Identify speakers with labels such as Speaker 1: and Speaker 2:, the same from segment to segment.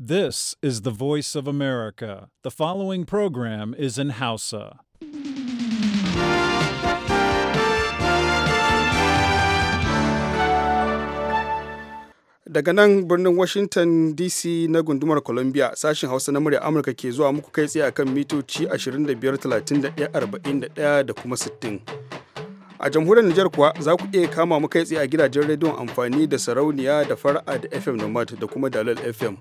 Speaker 1: This is the voice of America. The following program is in Hausa.
Speaker 2: Daga nan birnin Washington DC na gundumar Columbia sashen Hausa na murya Amurka ke zuwa muku kai tsaye akan mitoci 25, da kuma 60. a jamhuriyar Nijar kuwa za ku iya kama mu kai tsaye a gidajen rediyon amfani da sarauniya da fara'a da FM Nomad da kuma Dalal FM.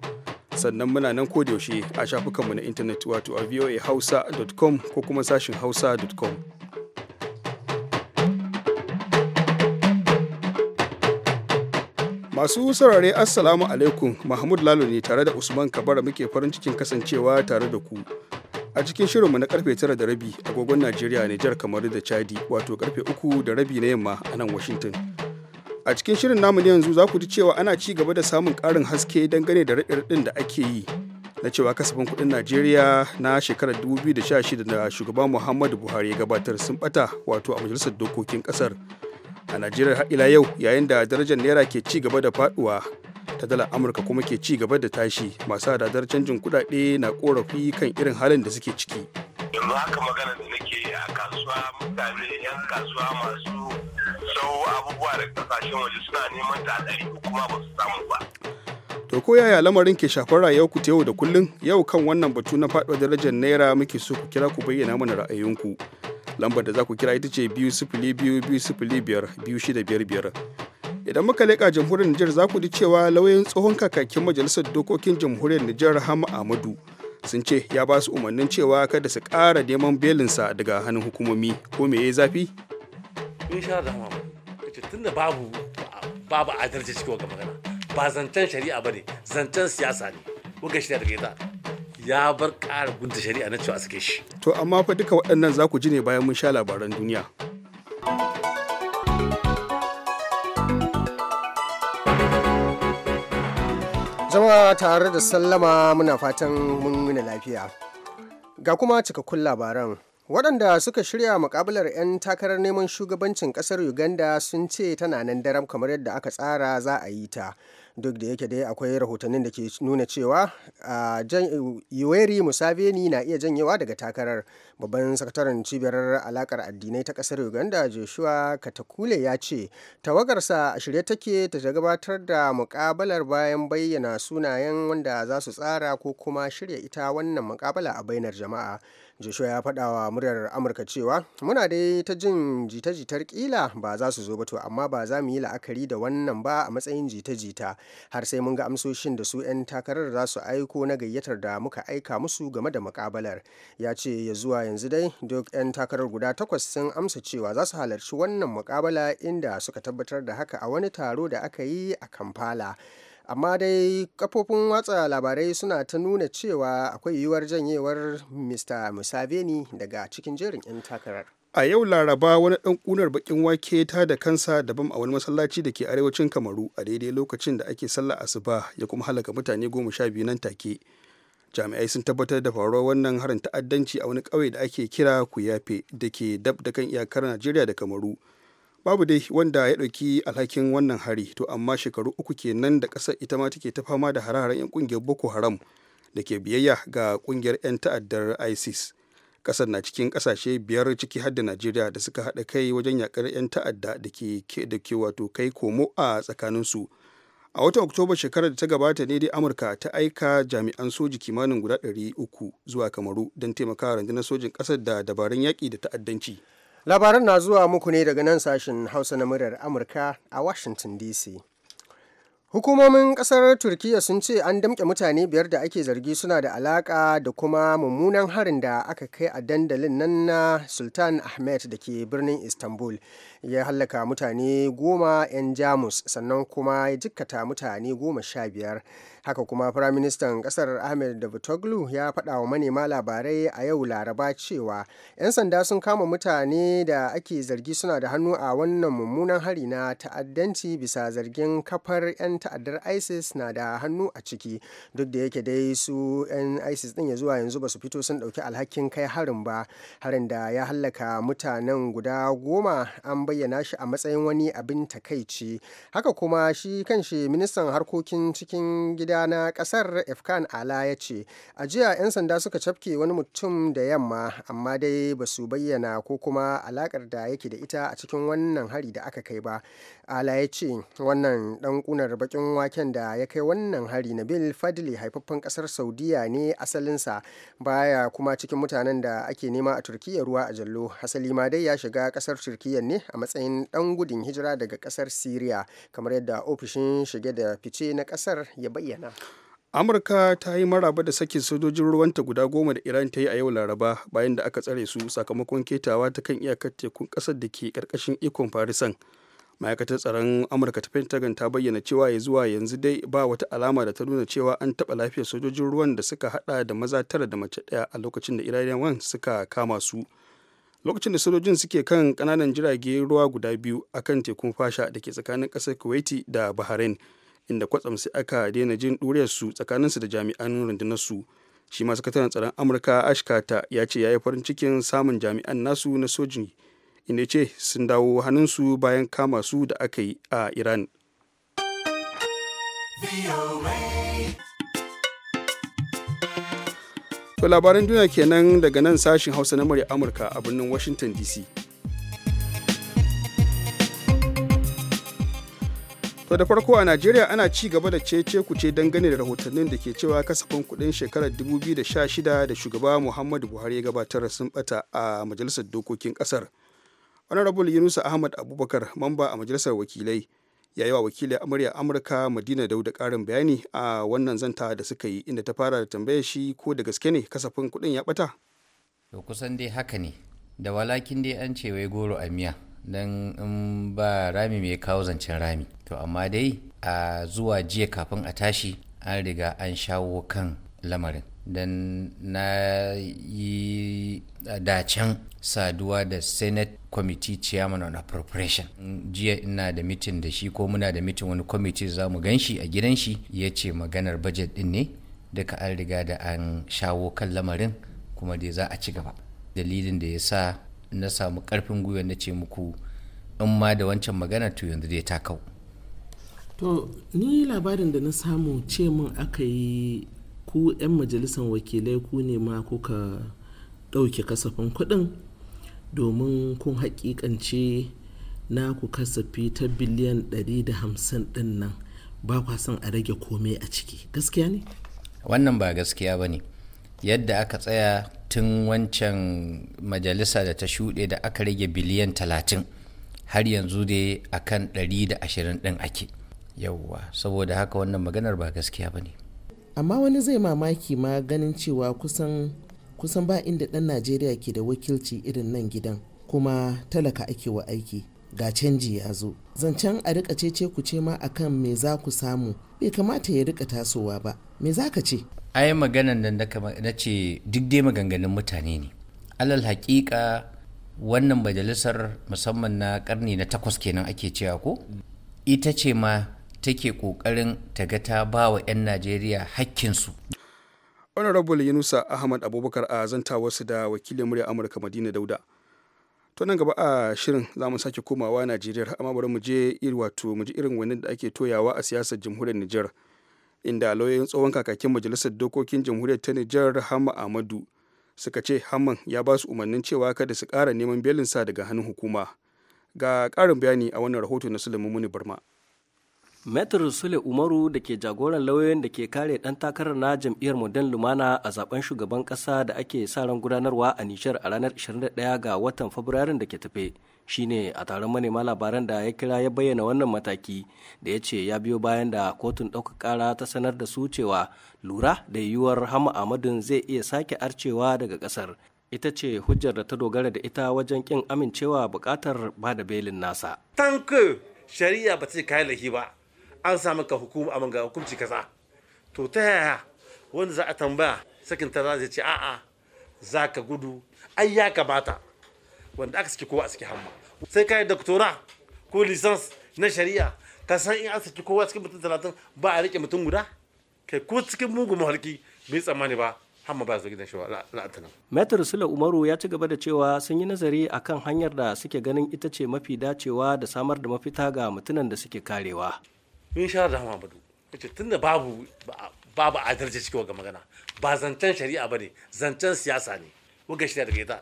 Speaker 2: sannan muna nan ko yaushe a shafukanmu na intanet wato a voahausa.com ko kuma sashin hausa.com masu saurare assalamu alaikum mahmud lalo ne tare da usman kabara muke farin cikin kasancewa tare da ku a cikin shirinmu na karfe tara da rabi agogon najeriya nijar kamar da chadi wato karfe uku da rabi na yamma a nan washington a cikin shirin namu na yanzu za ku ji cewa ana ci gaba da samun ƙarin haske dangane da raɗe-raɗin da ake yi na cewa kasafin kuɗin najeriya na shekarar 2016 da shugaban muhammadu buhari ya gabatar sun ɓata wato a majalisar dokokin ƙasar a najeriya har ila yau yayin da darajar naira ke ci gaba da faɗuwa ta dalar amurka kuma ke ci gaba da tashi masu hadadar canjin kuɗaɗe na ƙorafi kan irin halin da suke ciki
Speaker 3: yanzu haka magana da kasuwa mutane 'yan kasuwa masu sau abubuwa da kasashen waje suna neman ta ɗari kuma ba su samu ba.
Speaker 2: To ko yaya lamarin ke shafar rayuwar ku yau da kullum, yau kan wannan batu na faɗo darajar naira muke so ku kira ku bayyana mana ra'ayinku. Lambar da za ku kira ita ce biyu sifili biyu biyu sifili biyar biyu shida biyar biyar. Idan muka leƙa jamhuriyar Nijar za ku ji cewa lauyoyin tsohon kakakin majalisar dokokin jamhuriyar Nijar Hama Ahmadu sun ce ya ba su umarnin cewa kada su ƙara neman belinsa daga hannun hukumomi ko me ya zafi?
Speaker 1: in sha da hama tun da babu babu adalci cikin wa magana ba zancen shari'a ba ne zancen siyasa ne shi da daga ita ya bar ƙara gunta shari'a na cewa suke shi.
Speaker 2: to amma fa duka waɗannan za ku ji ne bayan mun sha labaran duniya.
Speaker 4: jama'a tare da sallama muna fatan mun wuni lafiya ga kuma cikakkun labaran waɗanda suka shirya mukabalar 'yan takarar neman shugabancin ƙasar uganda sun ce tana nan daram kamar yadda aka tsara za a yi ta duk da yake dai akwai rahotannin da ke nuna cewa ah, yoweri musabeni na iya janyewa daga takarar babban sakataren cibiyar alakar addinai ta kasar uganda joshua katakule ya ce tawagarsa a shirye take ta ta gabatar da mukabalar bayan bayyana sunayen wanda za su tsara ko kuma shirya ita wannan mukabala a bainar jama'a joshua ya faɗa wa muryar amurka cewa muna dai ta jin jita-jitar ƙila ba za su zo ba to amma ba za mu yi la'akari da wannan ba a matsayin jita-jita har sai mun ga amsoshin da su 'yan takarar za su aiko na gayyatar da muka aika musu game da mukabalar ya ce ya zuwa yanzu dai duk 'yan takarar guda takwas sun amsa cewa za su halarci wannan mukabala inda suka tabbatar da haka a wani taro da aka yi a kampala amma dai kafofin watsa labarai suna ta nuna cewa akwai yiwuwar janyewar mr musaveni daga cikin jerin 'yan takarar
Speaker 2: a yau laraba wani dan kunar bakin wake ta da kansa daban a wani masallaci da ke arewacin kamaru a daidai lokacin da ake sallah asuba ya kuma halaka mutane goma sha biyu nan take jami'ai sun tabbatar da faruwar wannan harin ta'addanci a wani ƙauye da ake kira kuyafe da ke dab da kan iyakar najeriya da kamaru babu dai wanda ya ɗauki alhakin wannan hari to amma shekaru uku kenan da ƙasar ita ma take ta fama da hare-haren 'yan ƙungiyar boko haram da ke biyayya ga ƙungiyar 'yan ta'addar isis ƙasar na cikin ƙasashe biyar ciki har da najeriya da suka haɗa kai wajen yaƙar 'yan ta'adda da ke wato kai komo a tsakaninsu su a watan oktoba shekarar da ta gabata ne dai amurka ta aika jami'an soji kimanin guda 300 zuwa kamaru don taimakawa rundunar sojin ƙasar
Speaker 4: da dabarun yaƙi da ta'addanci labaran na zuwa muku ne daga nan sashen hausa na muryar amurka a washington dc Hukumomin kasar Turkiyya sun ce an damke mutane biyar da ake zargi suna da alaƙa da kuma mummunan harin da aka kai a dandalin nan na Sultan Ahmed da ke birnin Istanbul. ya hallaka mutane goma 'yan jamus sannan kuma ya jikkata mutane goma sha biyar haka kuma firaministan kasar ahmed davutoglu ya faɗa wa manema labarai a yau laraba cewa 'yan sanda sun kama mutane da ake zargi suna da hannu a wannan mummunan hari na ta'addanci bisa zargin kafar 'yan ta'addar isis na da hannu a ciki duk da yake dai su 'yan isis ɗin ya zuwa yanzu ba su fito sun ɗauki alhakin kai harin ba harin da ya hallaka mutanen guda goma an bai bayyana shi a matsayin wani abin takaici haka kuma shi kanshi ministan harkokin cikin gida na kasar efkan ala ya ce a jiya 'yan sanda suka cafke wani mutum da yamma amma dai ba su bayyana ko kuma alakar da yake da ita a cikin wannan hari da aka kai ba ala ya ce wannan dan kunar bakin waken da ya kai wannan hari na bil fadli haifaffen kasar saudiya ne asalinsa baya kuma cikin mutanen da ake nema a turkiyya ruwa a jallo asali ma dai ya shiga kasar turkiyya ne a matsayin dan gudun hijira daga kasar syria kamar yadda ofishin shige da fice na kasar ya bayyana
Speaker 2: amurka ta yi maraba da sakin sojojin ruwanta guda goma da iran ta yi a yau laraba bayan da aka tsare su sakamakon ketawa ta kan iyakar tekun kasar da ke karkashin ikon farisan ma'aikatar tsaron amurka ta pentagon ta bayyana cewa ya zuwa yanzu dai ba wata alama da ta nuna cewa an taba lafiyar sojojin ruwan da suka hada da maza tara da mace daya a lokacin da iranian suka kama su lokacin da sojojin suke kan kananan jirage ruwa guda biyu a kan tekun fasha da ke tsakanin kasar kuwaiti da bahrain inda kwatsam sai aka daina jin tsakanin tsakaninsu da jami'an rundunarsu shi ma sakataren tsaron amurka ashkata ya ce ya yi farin cikin samun jami'an nasu na soji inda ce sun dawo hannunsu bayan kama su da aka yi a iran to labaran duniya kenan daga nan sashin hausa na murya amurka a birnin washington dc to da farko a najeriya ana ci gaba da cece kuce dangane da rahotannin da ke cewa kasafin kudin shekarar 2016 da shugaba muhammadu buhari ya gabatar sun bata a majalisar dokokin kasar honorable yunusa ahmad abubakar mamba a majalisar wakilai ya yi wa wakilai amurya amurka madina dauda karin bayani a wannan zanta da suka yi inda ta fara da tambayar shi ko da gaske ne kasafin kudin ya bata.
Speaker 5: to kusan dai haka ne da walakin dai an ce wai goro a miya don in ba rami mai kawo zancen rami to amma dai a zuwa jiya kafin a tashi an riga an shawo kan lamarin don na yi dacen saduwa da senate committee chairman on appropriation jiya ina da mitin da shi ko muna da mitin wani committee za mu gan shi a gidan shi ya ce maganar budget din ne duka an riga da an shawo kan lamarin kuma dai za a ci gaba dalilin da ya sa na samu karfin gwiwa na ce muku in ma da wancan magana to yanzu dai ta kau
Speaker 6: to ni labarin da na samu ce min aka yi ku 'yan majalisar wakilai ku ne ma kuka ɗauke kasafin kuɗin domin kun haƙiƙance naku kasafi ta biliyan 150 ɗin nan ba kwa son a rage komai a ciki gaskiya ne
Speaker 5: wannan ba gaskiya ba ne yadda aka tsaya tun wancan majalisa da ta shuɗe da aka rage biliyan 30 har yanzu dai akan 120 ɗin ake yauwa saboda haka wannan maganar ba gaskiya ba ne
Speaker 6: amma wani zai mamaki ma ganin cewa kusan kusan ba inda ɗan najeriya ke da wakilci irin nan gidan kuma talaka ake wa aiki ga canji ya zo zancen a rika cece ku ce ma akan me za ku samu bai kamata ya rika tasowa ba me za
Speaker 5: ka ce ai maganan da na ce duk dai maganganun mutane ne alal haƙiƙa wannan majalisar musamman na karni na takwas kenan ake cewa ko ita ce ma take ƙoƙarin ta ga ta ba wa 'yan najeriya hakkinsu
Speaker 2: honorable yunusa ahmad abubakar a wasu da wakilin murya amurka madina dauda to nan gaba a shirin za mu sake komawa najeriya amma bari mu je wato mu irin wani da ake toyawa a siyasar jamhuriyar nijar inda lauyoyin tsohon kakakin majalisar dokokin jamhuriyar ta nijar Hamma ahmadu suka ce hamman ya ba su umarnin cewa kada su kara neman belinsa daga hannun hukuma ga ƙarin bayani a wannan rahoto na sulaiman
Speaker 7: muni barma Metro Sule Umaru da ke jagoran lauyoyin da ke kare ɗan takarar na jam'iyyar Modern Lumana a zaben shugaban ƙasa da ake sa ran gudanarwa a nishar a ranar 21 ga watan Fabrairun da ke tafe. shine a taron manema labaran da ya kira ya bayyana wannan mataki da ya ce ya biyo bayan da kotun ɗauka ƙara ta sanar da su cewa lura da yiwuwar hama amadun zai iya sake arcewa daga ƙasar ita ce hujjar da ta dogara da ita wajen ƙin amincewa buƙatar ba da belin nasa. tanku shari'a ba ta kayan lahi ba an sami ka hukuma a manga hukunci kaza to ta yaya
Speaker 1: wanda za a tambaya sakin ta zai ce a'a za ka gudu ai ya kamata wanda aka saki kowa a saki hamma sai ka yi doktora ko lisans na shari'a ka san in an saki kowa cikin mutum talatin ba a rike mutum guda kai ko cikin mugun mahalki bai tsammani ba hamma ba su gidan shawa la'atanan.
Speaker 7: Metar Sula Umaru ya ci gaba da cewa sun yi nazari akan hanyar da suke ganin ita ce mafi dacewa da samar da mafita ga mutunan da suke karewa. mun sha da bado yace tunda babu babu adalci
Speaker 1: cikin waga magana ba zancen shari'a ba ne zancen siyasa ne waga shirya daga ita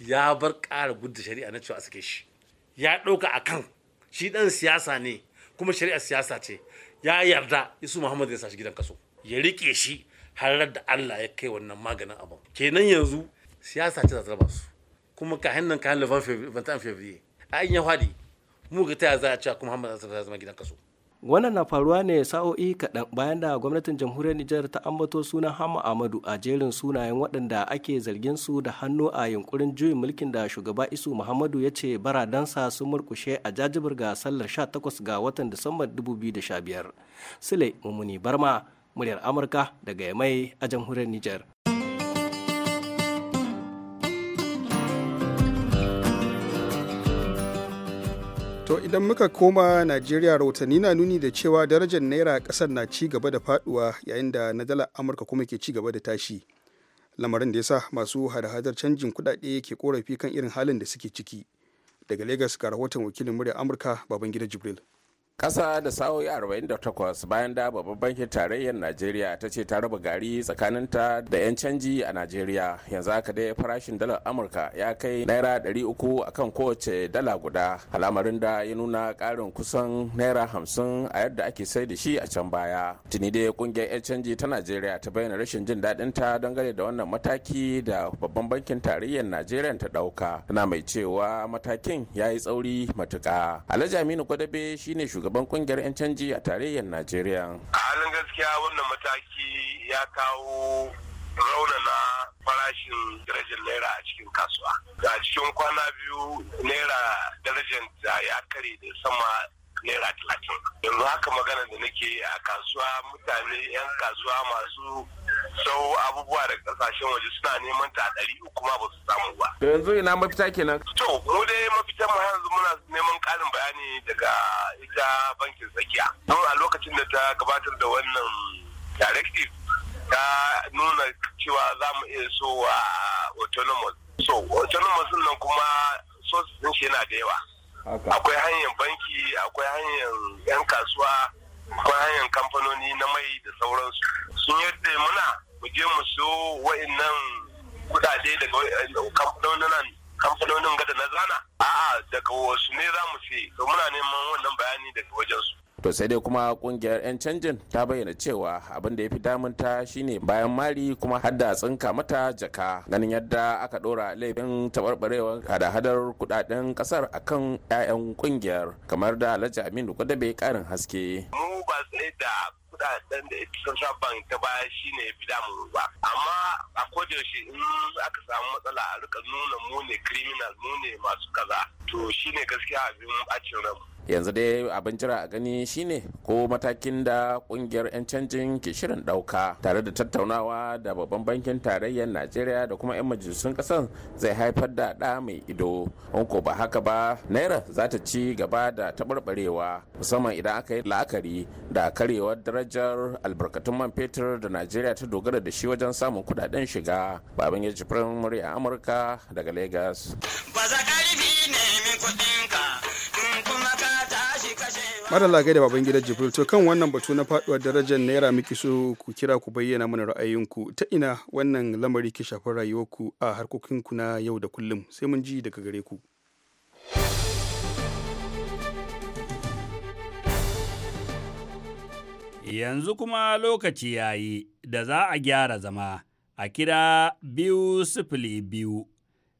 Speaker 1: ya bar ƙara gudda shari'a na cewa suke shi ya ɗauka a kan shi ɗan siyasa ne kuma shari'a siyasa ce ya yarda isu muhammad ya sashi gidan kaso ya riƙe shi har da allah ya kai wannan maganin abin kenan yanzu siyasa ce za ta raba su kuma ka hannun ka hannun 21 fevrier a in ya faɗi mu ga ta za a cewa kuma muhammad za ta zama gidan kaso
Speaker 7: Wannan na faruwa ne sa'o'i kaɗan bayan da gwamnatin jamhuriyar Nijar ta ambato sunan Hama Amadu a jerin sunayen waɗanda ake zargin su da hannu a yunkurin juyin mulkin da shugaba Isu Muhammadu ya ce baradansa sun murkushe a jajibir ga sallar 18 ga watan Disambar 2015. Sule Mumuni Barma, muryar Amurka daga Yamai a jamhuriyar Nijar.
Speaker 2: To idan muka koma Najeriya rahotanni na nuni da cewa darajar naira kasar na ci gaba da faduwa yayin da na dalar Amurka kuma ke ci gaba da tashi. Lamarin da ya sa masu hada-hadar canjin kudade ke korafi kan irin halin da suke ciki. Daga Legas ga rahoton wakilin murya Amurka Babangida Jibril.
Speaker 6: kasa da sa'o'i takwas bayan da babban bankin tarayyar najeriya ta ce ta raba gari tsakaninta da 'yan canji a najeriya yanzu haka dai farashin dalar amurka ya kai naira uku akan kowace dala guda al'amarin da ya nuna karin kusan naira hamsin a yadda ake sai da shi a can baya tuni dai kungiyar 'yan canji ta najeriya ta bayyana rashin jin daɗin ta dangane da wannan mataki da babban bankin tarayyar najeriya ta ɗauka tana mai cewa matakin ya yi tsauri matuƙa alhaji aminu kwadabe shine shugaban shugaban kungiyar 'yan canji a tarayyar najeriya a halin gaskiya wannan
Speaker 3: mataki ya kawo raunana farashin darajar naira a cikin kasuwa a cikin kwana biyu naira darajar ya kare da sama naira talatin yanzu haka magana da nake a kasuwa mutane 'yan kasuwa
Speaker 6: masu sau abubuwa da kasashen waje suna neman ta ɗari uku ma ba su samu ba to yanzu ina mafita kenan
Speaker 3: to mu dai mafitan mu yanzu muna neman ƙarin bayani daga ita bankin tsakiya don a lokacin da ta gabatar da wannan directive ta nuna cewa za mu iya so wa autonomous so autonomous nan kuma sources yana da yawa akwai hanyar banki akwai hanyar 'yan kasuwa akwai hanyar kamfanoni na mai da sauransu sun yadda muna mu je mu so wa'annan kudade daga kamfanonin kamfanonin gada na zana a'a daga wasu ne za mu ce to muna neman wannan bayani daga
Speaker 6: wajensu to sai dai kuma kungiyar 'yan canjin ta bayyana cewa abin da ya fi damunta shine bayan mari kuma hadda tsinka mata jaka ganin yadda aka dora laifin taɓarɓarewar hada-hadar kudaden ƙasar akan 'ya'yan kungiyar kamar da alhaji aminu kwadabe karin haske
Speaker 3: mu ba da kudaden da central bank ta baya shine ya fi damu ba amma a kodayaushe in aka samu matsala a rika nuna mu ne criminal mu ne masu kaza to shine gaskiya abin bacin ramu
Speaker 6: yanzu dai abin jira a gani shine ko matakin da kungiyar 'yan canjin ke shirin dauka tare da tattaunawa da babban bankin tarayyar najeriya da kuma 'yan majalisun kasan zai haifar da ɗa mai ido in ko ba haka ba naira za ta ci gaba da taɓarɓarewa musamman idan aka yi la'akari da karewar darajar albarkatun man fetur da najeriya ta dogara da shi wajen samun kudaden shiga babin ya jifirin murya amurka daga Legas.
Speaker 3: ƙarfi ne kuɗin
Speaker 2: madalla gaida baban gidan jibril to kan wannan batu na faduwar darajar naira miki so ku kira ku bayyana mana ra'ayinku ta ina wannan lamari ke shafar rayuwarku a harkokinku na yau da kullum sai mun ji daga gare ku yanzu kuma lokaci yayi da za a gyara zama a kira biyu sifili biyu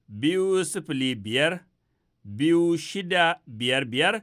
Speaker 2: biyu sifili biyar biyu shida biyar biyar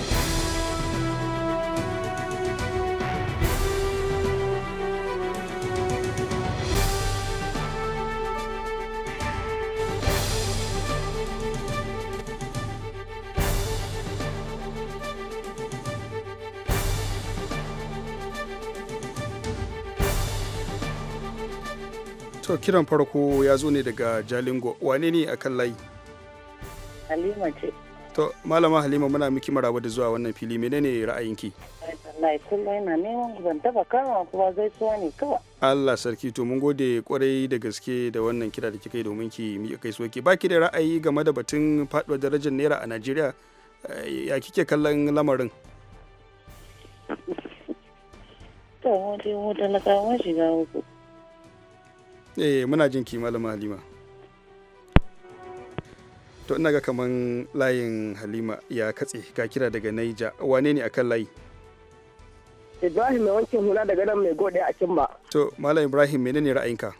Speaker 2: to kiran farko ya zo ne daga jalingo wane ne a kan layi
Speaker 6: halima ce
Speaker 2: to malama halima muna miki maraba da zuwa wannan fili menene ra'ayinki
Speaker 7: kullum neman ban zai
Speaker 2: Allah sarki to mun gode kwarai da gaske da wannan kira da kika yi domin ki miƙa kai soke baki da ra'ayi game da batun faduwar darajar naira a Najeriya eh, ya kike kallon lamarin
Speaker 8: to mu dai mu talakawa
Speaker 6: shiga uku
Speaker 2: eh muna jin ki malama halima to ina ga kaman layin halima ya katse ka kira daga naija wane ne akan layi
Speaker 7: ibrahim mai wankin hula daga nan mai gode a kimba
Speaker 2: to malam ibrahim menene ra'ayinka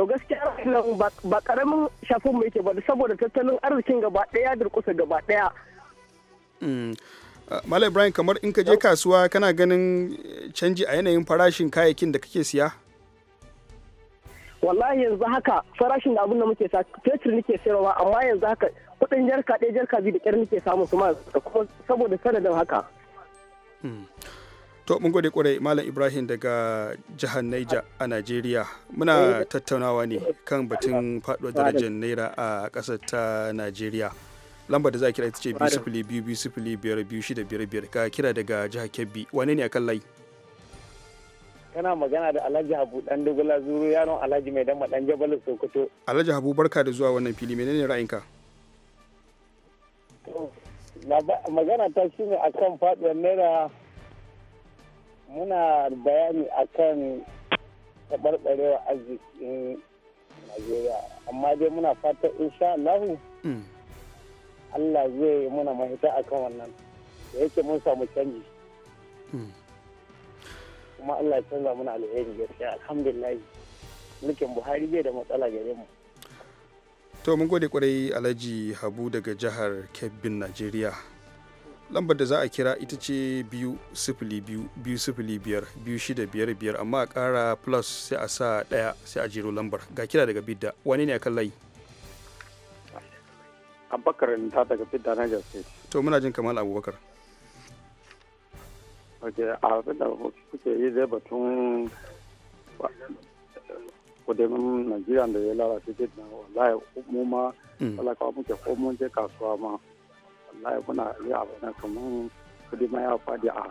Speaker 7: to gaskiya nan ba karamin shafin mu yake ba saboda tattalin arzikin gaba daya durkusa gaba daya
Speaker 2: mm. ah, malam ibrahim kamar in ka je kasuwa kana ganin eh, canji a yanayin farashin kayayyakin da kake siya
Speaker 7: wallahi yanzu haka farashin da abun da muke sa fetur nake sayarwa amma yanzu haka kudin jarka ɗaya jarka biyu da kyar nake samu kuma saboda sanadin haka
Speaker 2: hmm. to mun gode kwarai malam ibrahim daga jihar naija a najeriya muna eh. tattaunawa ne kan batun faduwar darajar naira a ƙasar ta najeriya lambar da za a kira ita ce biyu sifili biyu biyu sifili biyar biyu shida biyar biyar ka kira daga jihar kebbi wane ne a kan layi
Speaker 1: kana magana da Alhaji Habu dan Dugula Zuru yaron Alhaji Mai dama dan Jabal Sokoto.
Speaker 2: Alhaji Habu barka da zuwa wannan fili menene ra'ayinka?
Speaker 1: magana ta shine akan faduwar naira muna bayani akan taɓarɓarewa arzikin Najeriya amma dai muna fata insha Allah mm. Allah zai muna mahita akan wannan da yake mun samu canji. Mm. kuma Allah ya canza mana alheri gaskiya alhamdulillah mulkin Buhari bai da matsala gare mu
Speaker 2: to mun gode kwarai Alhaji Habu daga jihar Kebbin nigeria lambar da za a kira ita ce biyu sifili biyu biyu sifili biyar biyu shida biyar biyar amma a kara plus sai a sa daya sai a jero lambar ga kira daga bidda wani ne a kan layi
Speaker 1: abubakar ta daga bidda na jasai
Speaker 2: to muna jin kamal abubakar
Speaker 1: wace abin da kuke yi zai batun kudurin najeriya da ya lalace jirgin na wallahi mu ma mm. talakawa muke ko mun je kasuwa ma wallahi muna yi abin da kamar kudi ma ya fadi a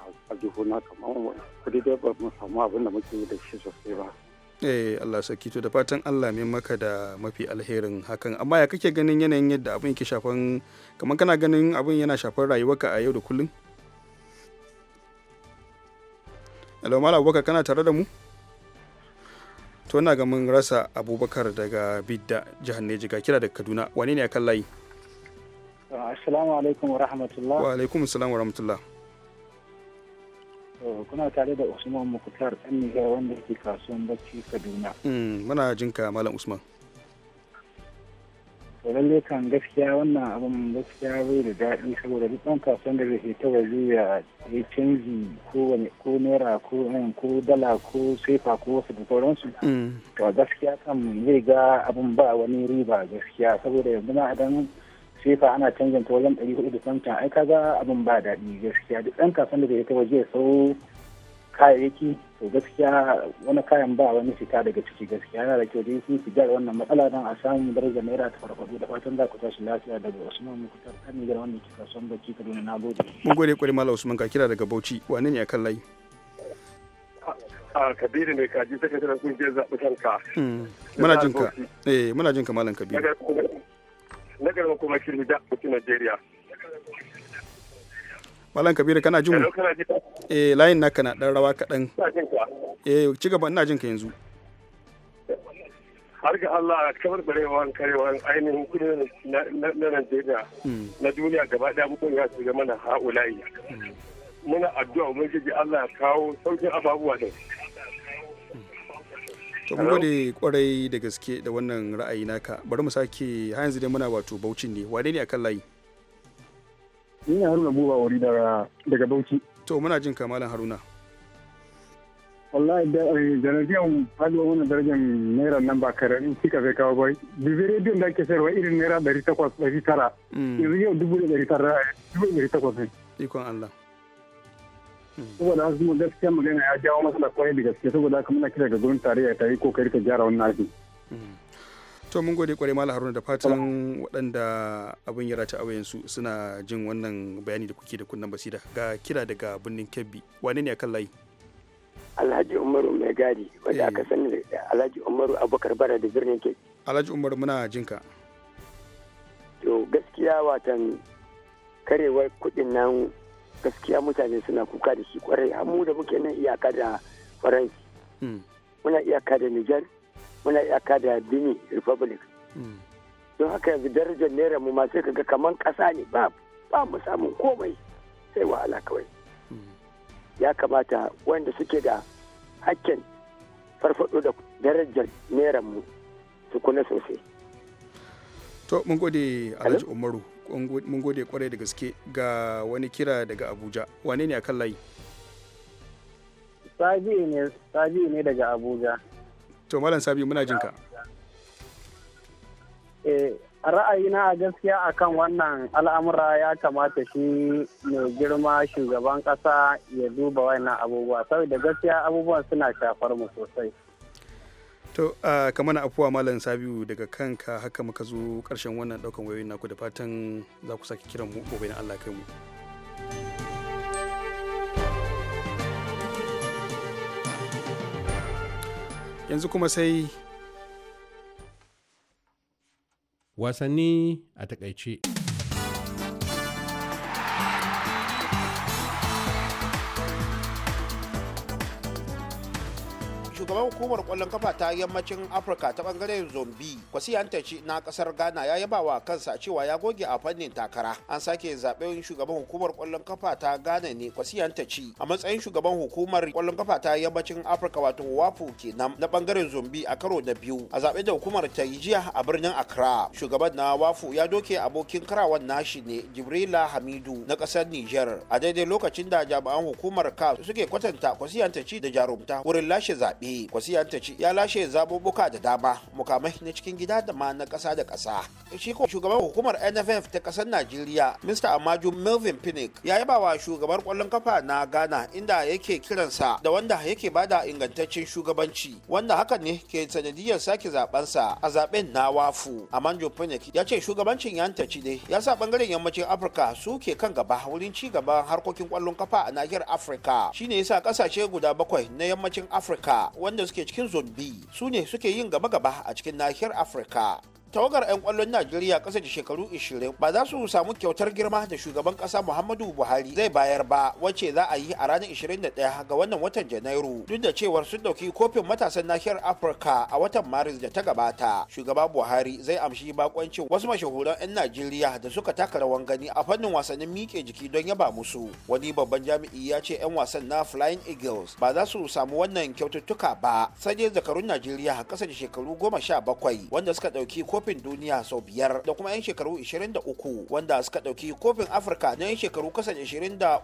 Speaker 1: na kamar kudi dai ba mu samu abin da muke yi da shi sosai ba
Speaker 2: eh Allah saki to da fatan Allah mai maka da mafi alherin hakan amma ya kake ganin yanayin yadda abin ke shafan kamar kana ganin abin yana shafan rayuwarka a yau da kullum Hello Malam Abubakar kana tare da mu? To ina ga mun rasa Abubakar daga Bidda jihar Neji ga kira daga Kaduna. Wane ne akan layi?
Speaker 1: Ah, assalamu alaikum wa rahmatullah. Wa
Speaker 2: alaikum assalam wa rahmatullah.
Speaker 1: Oh, kuna tare da Usman Mukutar ɗan
Speaker 7: Nijar wanda ke kasuwan bacci Kaduna.
Speaker 2: Mm, muna jinka Malam Usman.
Speaker 7: to lalle kan gaskiya wannan abin gaskiya bai da daɗi saboda duk ɗan kasuwan da zai ta waje ya yi canji ko naira ko ko dala ko sefa ko wasu da sauransu mm. to gaskiya kan zai ga abin ba wani riba gaskiya saboda yanzu na idan sefa ana canjin ta wajen ɗari hudu da samta ai kaga abin ba daɗi gaskiya duk ɗan kasuwan da zai ta waje ya sau kayayyaki to gaskiya wani kayan ba wani fita daga ciki gaskiya yana da kyau dai sun fi gyara wannan matsala don a samu darajar naira ta farfaɗo da fatan za ku tashi lafiya daga usman mukutar kan gyara wannan kika son baki kaduna
Speaker 3: na gode.
Speaker 2: mun gode kwarai malam usman ka kira daga bauchi wani ne a kan layi.
Speaker 3: a kabiru mai kaji kun je zaɓi kanka.
Speaker 2: Hmm. muna jin ka eh muna jin ka malam kabiru.
Speaker 3: na garba kuma shirin da mutum najeriya.
Speaker 2: Malam Kabiru kana jin mu? Eh layin naka na dan rawa kaɗan. Eh ci gaba ina jin ka yanzu.
Speaker 3: har ga Allah kamar barewan karewan ainihin kudi na Najeriya hmm. na duniya gaba daya mutum ya shiga mana ha'ulayi. Muna addu'a mun ji Allah ya kawo saukin ababuwa ne.
Speaker 2: To mun gode kwarai da gaske da wannan ra'ayi naka. Bari mu sake har yanzu dai muna wato bauchi ne. Wane ne akan layi? Ni ne Haruna Buba Wari daga Bauchi. To muna jin kamalan Haruna.
Speaker 1: wallahi da janadiyan eh, faduwa wani darajar naira nan ba karamin cika zai kawo bai bibi
Speaker 3: rediyon da ake sayarwa irin naira ɗari mm. yanzu yau dubu eh,
Speaker 2: ikon Allah mm. saboda haka kuma gaskiya magana ya jawo masu kwarai da
Speaker 1: gaske saboda haka muna kira ga gurin tarayya ta yi kokari ta gyara wannan abin
Speaker 2: to mun gode kware mala haruna da fatan waɗanda abin ya rata a su suna jin wannan bayani da kuke da kunnan basira ga kira daga birnin kebbi wane ne akan layi
Speaker 3: alhaji umaru mai gadi wanda aka eh. sani da alhaji umaru abubakar bara da birnin kebbi
Speaker 2: alhaji umaru muna jinka
Speaker 3: to gaskiya watan karewar kuɗin nan gaskiya mutane suna kuka da shi kwarai mu da muke nan iyaka da faransi hmm. muna iyaka da nijar muna yaka da bini Republic. Hmm. Don haka yanzu darajar naira mu ma sai kaga kaman ƙasa ne ba ba mu samun komai sai wahala kawai. Hmm. Ya kamata wanda suke da hakken farfado da darajar naira mu su kuna sosai.
Speaker 2: To mun gode Alhaji Umaru mun gode kwarai da gaske ga wani kira daga Abuja wane ne akan layi?
Speaker 7: ne daga Abuja.
Speaker 2: to malam sabi muna jin ka
Speaker 7: eh, ra'ayina a gaskiya akan wannan al'amura ya kamata shi mai girma shugaban kasa ya duba wannan abubuwa saboda gaskiya abubuwan suna
Speaker 1: shafar mu sosai
Speaker 2: to uh, kamar afuwa malam sabiu daga kanka haka muka zo karshen wannan daukan wayoyin naku da fatan za ku sake kiran mu gobe na Allah kai mu yanzu kuma sai
Speaker 4: wasanni a takaice.
Speaker 8: shugaban hukumar kwallon kafa ta yammacin afirka ta bangaren zombi kwasiyantaci na kasar ghana ya yaba wa kansa cewa ya goge a fannin takara an sake zaben shugaban hukumar kwallon kafa ta ghana ne kwasiyantaci a matsayin shugaban hukumar kwallon kafa ta yammacin afirka wato wafu kenan na bangaren zombi a karo na biyu a zaɓe da hukumar ta yi jiya a birnin accra shugaban na wafu ya doke abokin karawan nashi ne jibrila hamidu na kasar niger a daidai lokacin da jami'an hukumar kaf suke kwatanta kwasiyantaci da jarumta wurin lashe zaɓe kwasi ya ta ci ya lashe zabubuka da dama mukamai na cikin gida da ma na kasa da kasa. Shi ko shugaban hukumar NFF ta ƙasar Najeriya Mr. Amaju Melvin Pinnick ya yaba wa shugabar kwallon kafa na Ghana inda yake kiransa da wanda yake bada ingantaccen shugabanci wanda hakan ne ke sanadiyar sake zabensa a zaben na wafu. amaju Pinnick ya ce shugabancin ya yantaci ne ya sa bangaren yammacin Afirka su ke kan gaba wurin ci gaban harkokin kwallon kafa a nahiyar Afirka shine sa kasashe guda bakwai na yammacin Afirka wanda suke cikin zombi su ne suke yin gaba-gaba a cikin nahiyar afirka tawagar 'yan kwallon najeriya kasa da shekaru 20 ba za su samu kyautar girma da shugaban ƙasa muhammadu buhari zai bayar ba wacce za a yi a ranar 21 ga wannan watan janairu duk da cewar sun ɗauki kofin matasan nahiyar afirka a watan maris da ta gabata shugaba buhari zai amshi bakoncin wasu mashahuran 'yan najeriya da suka taka rawan gani a fannin wasannin miƙe jiki don yaba musu wani babban jami'i ya ce 'yan wasan na flying eagles ba za su samu wannan kyaututtuka ba sai dai zakarun najeriya kasa da shekaru goma sha bakwai wanda suka ɗauki kofin kofin duniya sau biyar da kuma 'yan shekaru 23 wanda suka ɗauki kofin afirka na 'yan shekaru kasan 23 da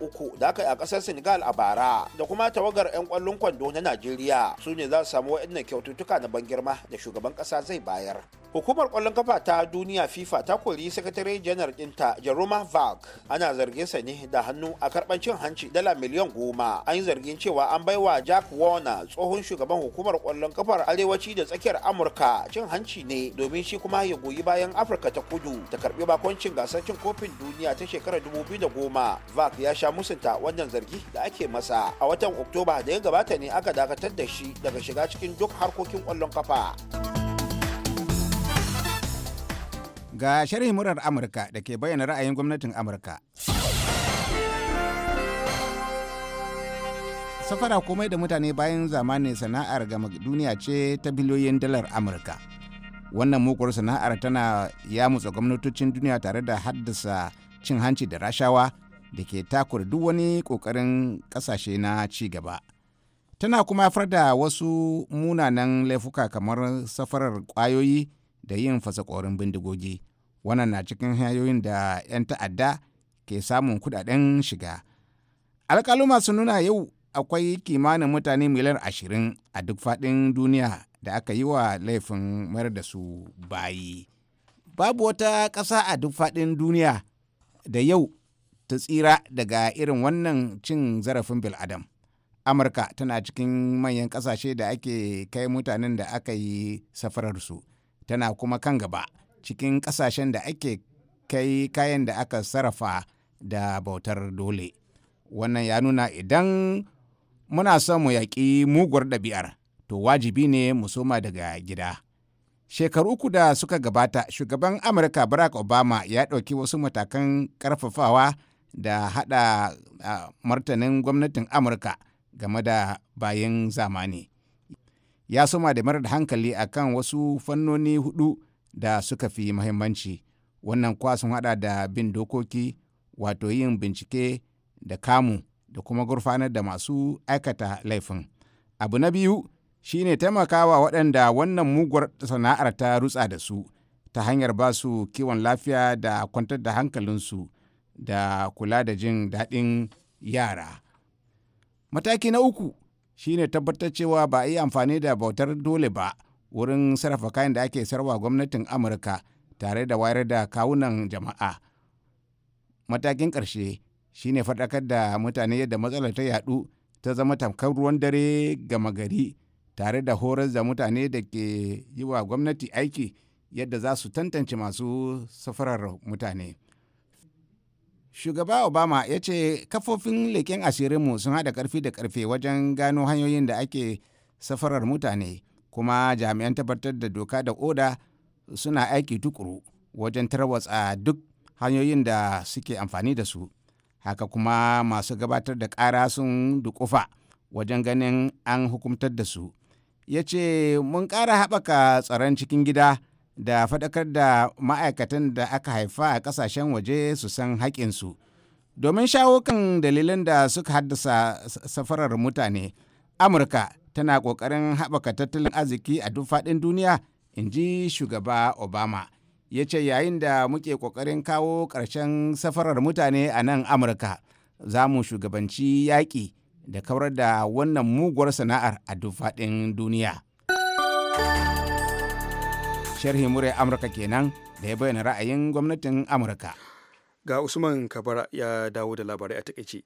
Speaker 8: aka yi a ƙasar senegal a bara da kuma tawagar 'yan kwallon kwando na najeriya su ne za su samu waɗannan kyaututtuka na ban girma da shugaban ƙasa zai bayar hukumar kwallon kafa ta duniya fifa ta kori sakatare janar ɗinta jeroma vag ana zargin sa ne da hannu a karɓar cin hanci dala miliyan goma an yi zargin cewa an baiwa jack warner tsohon shugaban hukumar kwallon kafar arewaci da tsakiyar amurka cin hanci ne domin shi kuma ya goyi bayan afirka ta kudu ta karbi bakoncin gasar cin kofin duniya ta shekarar goma vac ya sha musunta wannan zargi da ake masa a watan oktoba da ya gabata ne aka dakatar da shi daga shiga cikin duk harkokin kwallon kafa
Speaker 9: ga sharhi murar amurka da ke bayyana ra'ayin gwamnatin amurka safara komai da mutane bayan zamanin sana'ar gama duniya ce ta biliyoyin dalar amurka wannan muguwar sana'ar tana ya yamutsa gwamnatocin duniya tare da haddasa cin hanci da rashawa da ke takura duk wani ƙoƙarin ƙasashe na ci gaba tana kuma haifar da wasu munanan laifuka kamar safarar ƙwayoyi da yin fasakorin bindigogi wannan na cikin hanyoyin da 'yan ta'adda ke samun kudaden shiga alƙaluma sun nuna yau akwai kimanin mutane miliyan ashirin a duk faɗin duniya da aka yi wa laifin mayar da su bayi babu wata ƙasa a duk faɗin duniya da yau ta tsira daga irin wannan cin zarafin bil'adam amurka tana cikin manyan ƙasashe da ake kai mutanen da aka yi safararsu tana kuma kan gaba cikin ƙasashen da ake kai kayan da aka sarrafa da bautar dole wannan ya nuna idan muna son mu yaƙi muguwar ɗabi'ar to wajibi ne mu soma daga gida. Shekaru uku da suka gabata, shugaban Amurka Barack Obama ya ɗauki wasu matakan ƙarfafawa da haɗa martanin gwamnatin Amurka game da bayan zamani. Ya soma da marar hankali a kan wasu fannoni hudu da suka fi mahimmanci. Wannan kwasun sun haɗa da bin dokoki, wato yin bincike da kamu da kuma gurfanar da masu aikata laifin. Abu na biyu shi ne taimakawa waɗanda wannan muguwar sana'ar ta rutsa da su ta hanyar ba su kiwon lafiya da kwantar da hankalinsu da kula da jin daɗin yara mataki na uku shi ne tabbatar cewa ba a yi amfani da bautar dole ba wurin sarrafa kayan da ake sarwa gwamnatin amurka tare da wayar da kawunan jama'a matakin ƙarshe ne faɗakar da mutane yadda matsalar ta yaɗu ta zama tamkar ruwan dare gama gari tare da horar da mutane da ke yi wa gwamnati aiki yadda za su tantance masu safarar mutane. Shugaba Obama ya ce kafofin leƙen asirinmu sun haɗa ƙarfi da ƙarfe wajen gano hanyoyin da ake safarar mutane kuma jami'an tabbatar da doka da oda suna aiki tukuru wajen tarwatsa duk hanyoyin da suke amfani da su. Haka kuma masu gabatar da ƙara sun dukufa wajen ganin an hukumtar da su ya ce mun ƙara haɓaka tsaron cikin gida da faɗakar da ma'aikatan da aka haifa a ƙasashen waje su san haƙinsu domin shawo kan dalilan da suka haddasa safarar mutane amurka tana ƙoƙarin haɓaka tattalin arziki a duk faɗin duniya in ji shugaba obama ya ce yayin da muke ƙoƙarin kawo ƙarshen safarar mutane a nan amurka za mu shugabanci yaƙi da kawar da wannan muguwar sana'ar a duk faɗin duniya. Sharhi mure Amurka kenan da ya bayyana ra'ayin gwamnatin Amurka.
Speaker 2: Ga Usman Kabara ya dawo da labarai a takaice.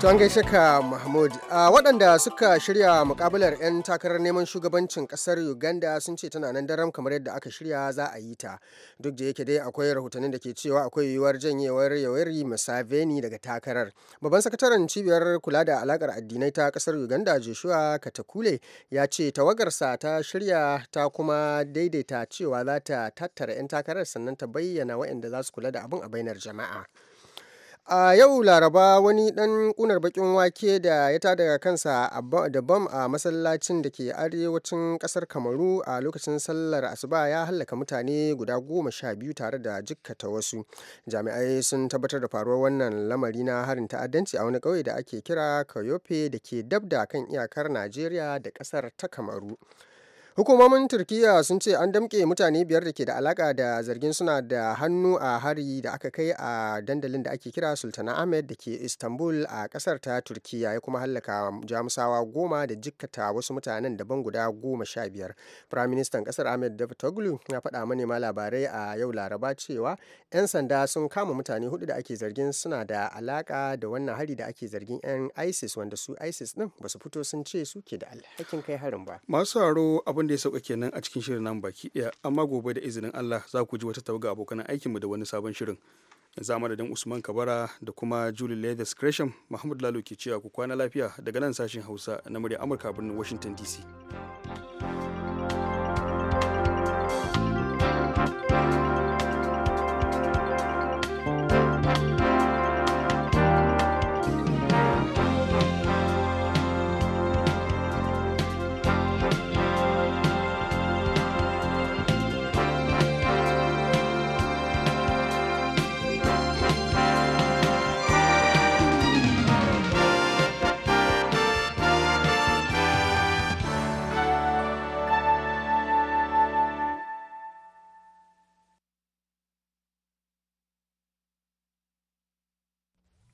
Speaker 4: Tun gaishe Mahmud. A ah, waɗanda suka shirya mukabalar 'yan takarar neman shugabancin kasar Uganda sun ce tana nan daram kamar yadda aka shirya za a yi ta. Duk da yake dai akwai rahotannin da ke cewa akwai yiwuwar janyewar yawari musaveni daga takarar. Babban sakataren cibiyar kula da alakar addinai ta kasar Uganda Joshua Katakule ya ce tawagarsa ta shirya ta kuma daidaita cewa za ta tattara 'yan takarar sannan ta bayyana waɗanda za su kula da abin a bainar jama'a. a yau laraba wani dan kunar bakin wake da ya tada kansa da bam a masallacin da ke arewacin kasar kamaru a lokacin sallar asuba ya hallaka mutane guda goma sha biyu tare da jikkata wasu jami'ai sun tabbatar da faruwar wannan lamari na harin ta'addanci a wani kauye da ake kira kayope da ke dabda kan iyakar najeriya da kasar ta kamaru hukumomin turkiyya sun ce an damƙe mutane biyar da ke da alaka da zargin suna da hannu a hari da aka kai a dandalin da ake kira sultana ahmed da ke istanbul a ƙasar ta turkiyya ya kuma hallaka jamusawa goma da jikkata wasu mutanen daban guda goma sha biyar firaministan ƙasar ahmed davutoglu ya faɗa manema labarai a yau laraba cewa 'yan sanda sun kama mutane hudu da ake zargin suna da alaka da wannan hari da ake zargin 'yan isis wanda su isis ɗin ba su fito sun ce su ke da alhakin kai harin ba
Speaker 2: masu abin da ya sauka kenan a cikin shirin nan baki daya amma gobe da izinin Allah za ku ji wata tawaga abokan aikinmu da wani sabon shirin yanzu da da Usman Kabara da kuma Julie Leathers Gresham Muhammad Lalo ke cewa ku kwana lafiya daga nan sashen Hausa na murya Amurka birnin Washington DC.